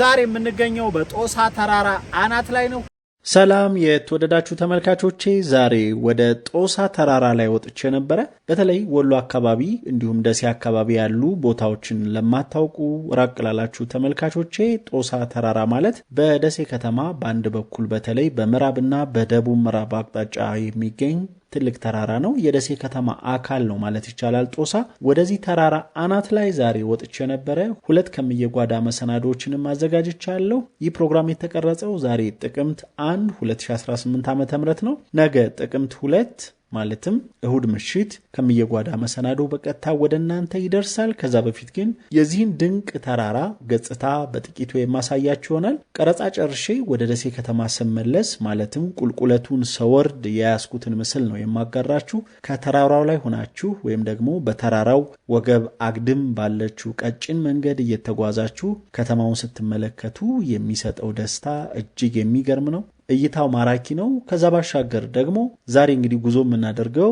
ዛሬ የምንገኘው በጦሳ ተራራ አናት ላይ ነው። ሰላም የተወደዳችሁ ተመልካቾቼ፣ ዛሬ ወደ ጦሳ ተራራ ላይ ወጥቼ ነበረ። በተለይ ወሎ አካባቢ እንዲሁም ደሴ አካባቢ ያሉ ቦታዎችን ለማታውቁ ራቅ ላላችሁ ተመልካቾቼ ጦሳ ተራራ ማለት በደሴ ከተማ በአንድ በኩል በተለይ በምዕራብና በደቡብ ምዕራብ አቅጣጫ የሚገኝ ትልቅ ተራራ ነው። የደሴ ከተማ አካል ነው ማለት ይቻላል። ጦሳ ወደዚህ ተራራ አናት ላይ ዛሬ ወጥቼ ነበረ። ሁለት ከምየጓዳ መሰናዶዎችንም አዘጋጅቻለሁ። ይህ ፕሮግራም የተቀረጸው ዛሬ ጥቅምት 1 2018 ዓ ም ነው። ነገ ጥቅምት 2 ማለትም እሁድ ምሽት ከሚየጓዳ መሰናዶ በቀጥታ ወደ እናንተ ይደርሳል። ከዛ በፊት ግን የዚህን ድንቅ ተራራ ገጽታ በጥቂቱ የማሳያችሁ ይሆናል። ቀረጻ ጨርሼ ወደ ደሴ ከተማ ስመለስ ማለትም ቁልቁለቱን ሰወርድ የያዝኩትን ምስል ነው የማጋራችሁ። ከተራራው ላይ ሆናችሁ ወይም ደግሞ በተራራው ወገብ አግድም ባለችው ቀጭን መንገድ እየተጓዛችሁ ከተማውን ስትመለከቱ የሚሰጠው ደስታ እጅግ የሚገርም ነው። እይታው ማራኪ ነው። ከዛ ባሻገር ደግሞ ዛሬ እንግዲህ ጉዞ የምናደርገው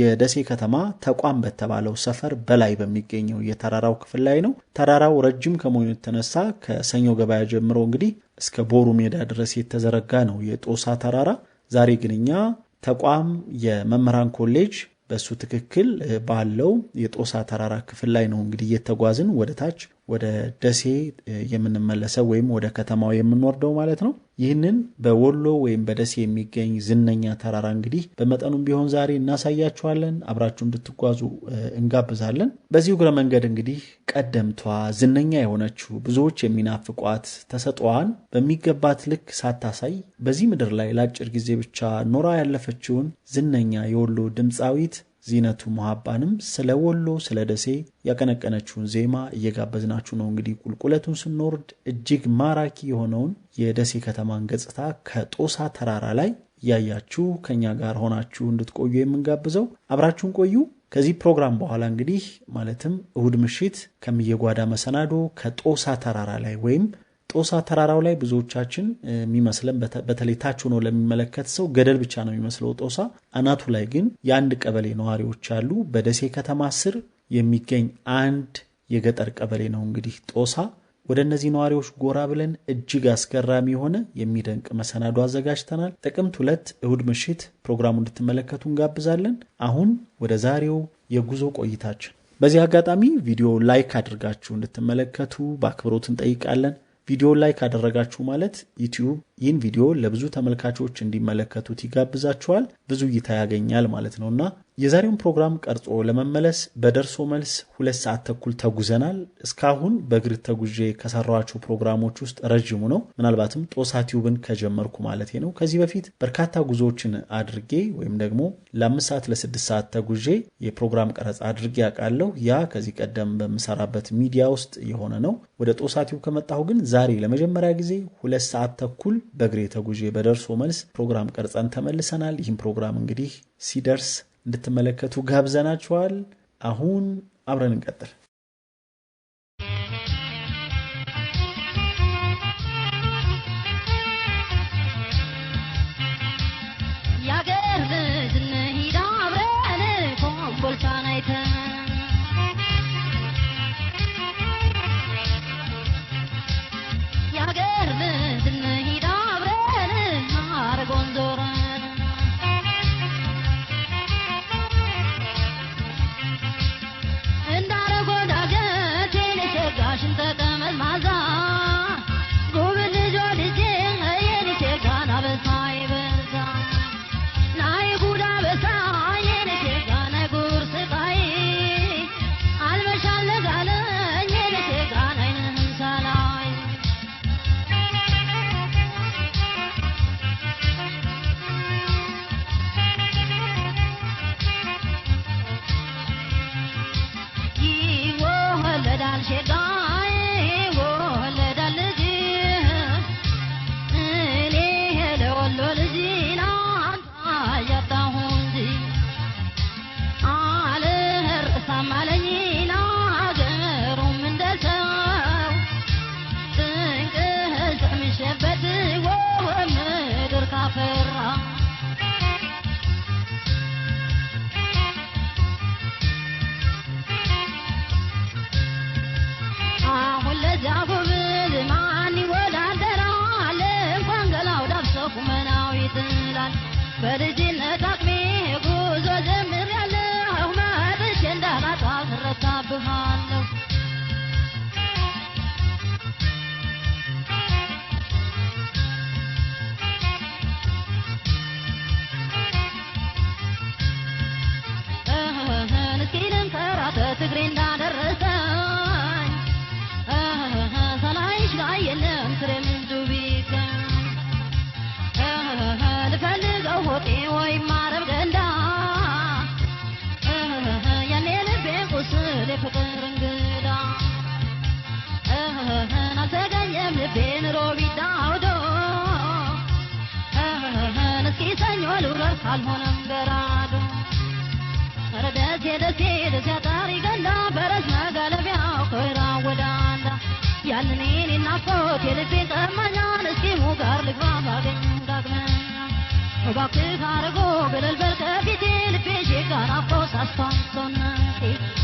የደሴ ከተማ ተቋም በተባለው ሰፈር በላይ በሚገኘው የተራራው ክፍል ላይ ነው። ተራራው ረጅም ከመሆኑ የተነሳ ከሰኞ ገበያ ጀምሮ እንግዲህ እስከ ቦሩ ሜዳ ድረስ የተዘረጋ ነው የጦሳ ተራራ። ዛሬ ግን እኛ ተቋም የመምህራን ኮሌጅ በሱ ትክክል ባለው የጦሳ ተራራ ክፍል ላይ ነው እንግዲህ እየተጓዝን ወደ ታች ወደ ደሴ የምንመለሰው ወይም ወደ ከተማው የምንወርደው ማለት ነው። ይህንን በወሎ ወይም በደሴ የሚገኝ ዝነኛ ተራራ እንግዲህ በመጠኑም ቢሆን ዛሬ እናሳያችኋለን። አብራችሁ እንድትጓዙ እንጋብዛለን። በዚህ እግረ መንገድ እንግዲህ ቀደምቷ ዝነኛ የሆነችው ብዙዎች የሚናፍቋት ተሰጥኦዋን በሚገባት ልክ ሳታሳይ በዚህ ምድር ላይ ለአጭር ጊዜ ብቻ ኖራ ያለፈችውን ዝነኛ የወሎ ድምፃዊት ዚነቱ መሀባንም ስለ ወሎ ስለ ደሴ ያቀነቀነችውን ዜማ እየጋበዝናችሁ ነው። እንግዲህ ቁልቁለቱን ስንወርድ እጅግ ማራኪ የሆነውን የደሴ ከተማን ገጽታ ከጦሳ ተራራ ላይ እያያችሁ ከኛ ጋር ሆናችሁ እንድትቆዩ የምንጋብዘው አብራችሁን ቆዩ። ከዚህ ፕሮግራም በኋላ እንግዲህ ማለትም እሁድ ምሽት ከሚየጓዳ መሰናዶ ከጦሳ ተራራ ላይ ወይም ጦሳ ተራራው ላይ ብዙዎቻችን የሚመስለን በተለይ ታች ሆኖ ለሚመለከት ሰው ገደል ብቻ ነው የሚመስለው ጦሳ። አናቱ ላይ ግን የአንድ ቀበሌ ነዋሪዎች አሉ። በደሴ ከተማ ስር የሚገኝ አንድ የገጠር ቀበሌ ነው እንግዲህ ጦሳ። ወደ እነዚህ ነዋሪዎች ጎራ ብለን እጅግ አስገራሚ የሆነ የሚደንቅ መሰናዶ አዘጋጅተናል። ጥቅምት ሁለት እሁድ ምሽት ፕሮግራሙ እንድትመለከቱ እንጋብዛለን። አሁን ወደ ዛሬው የጉዞ ቆይታችን በዚህ አጋጣሚ ቪዲዮ ላይክ አድርጋችሁ እንድትመለከቱ በአክብሮት እንጠይቃለን። ቪዲዮ ላይ ካደረጋችሁ ማለት ዩቲዩብ ይህን ቪዲዮ ለብዙ ተመልካቾች እንዲመለከቱት ይጋብዛችኋል፣ ብዙ እይታ ያገኛል ማለት ነውና። የዛሬውን ፕሮግራም ቀርጾ ለመመለስ በደርሶ መልስ ሁለት ሰዓት ተኩል ተጉዘናል። እስካሁን በእግር ተጉዤ ከሰራኋቸው ፕሮግራሞች ውስጥ ረዥሙ ነው። ምናልባትም ጦሳ ቲዩብን ከጀመርኩ ማለት ነው። ከዚህ በፊት በርካታ ጉዞዎችን አድርጌ ወይም ደግሞ ለአምስት ሰዓት ለስድስት ሰዓት ተጉዤ የፕሮግራም ቀረጻ አድርጌ ያውቃለሁ። ያ ከዚህ ቀደም በምሰራበት ሚዲያ ውስጥ የሆነ ነው። ወደ ጦሳ ቲዩብ ከመጣሁ ግን ዛሬ ለመጀመሪያ ጊዜ ሁለት ሰዓት ተኩል በእግሬ ተጉዤ በደርሶ መልስ ፕሮግራም ቀርጸን ተመልሰናል። ይህም ፕሮግራም እንግዲህ ሲደርስ እንድትመለከቱ ጋብዘናችኋል። አሁን አብረን እንቀጥል። ይጥላል በልጅነት አቅሜ ጉዞ ጀምር ያለሁ ማህተሽ እንዳላጣ እረሳብሃለሁ እስኪ ካልሆነም በራዶ ኧረ ደሴ ደሴ ደሴ ጠሪቀላ በረስ መጋለቢያው ኮይራ ወደ ያንን የኔ ናፍቆት የልቤ ቀማኛን እስኪ ሙጋር ልግባ ባገኝ ዳግመኛ እባክህ አርጎ ገለል በል ከፊቴ ልቤ ሽጋር አቆሳስቷን ሰውነቴ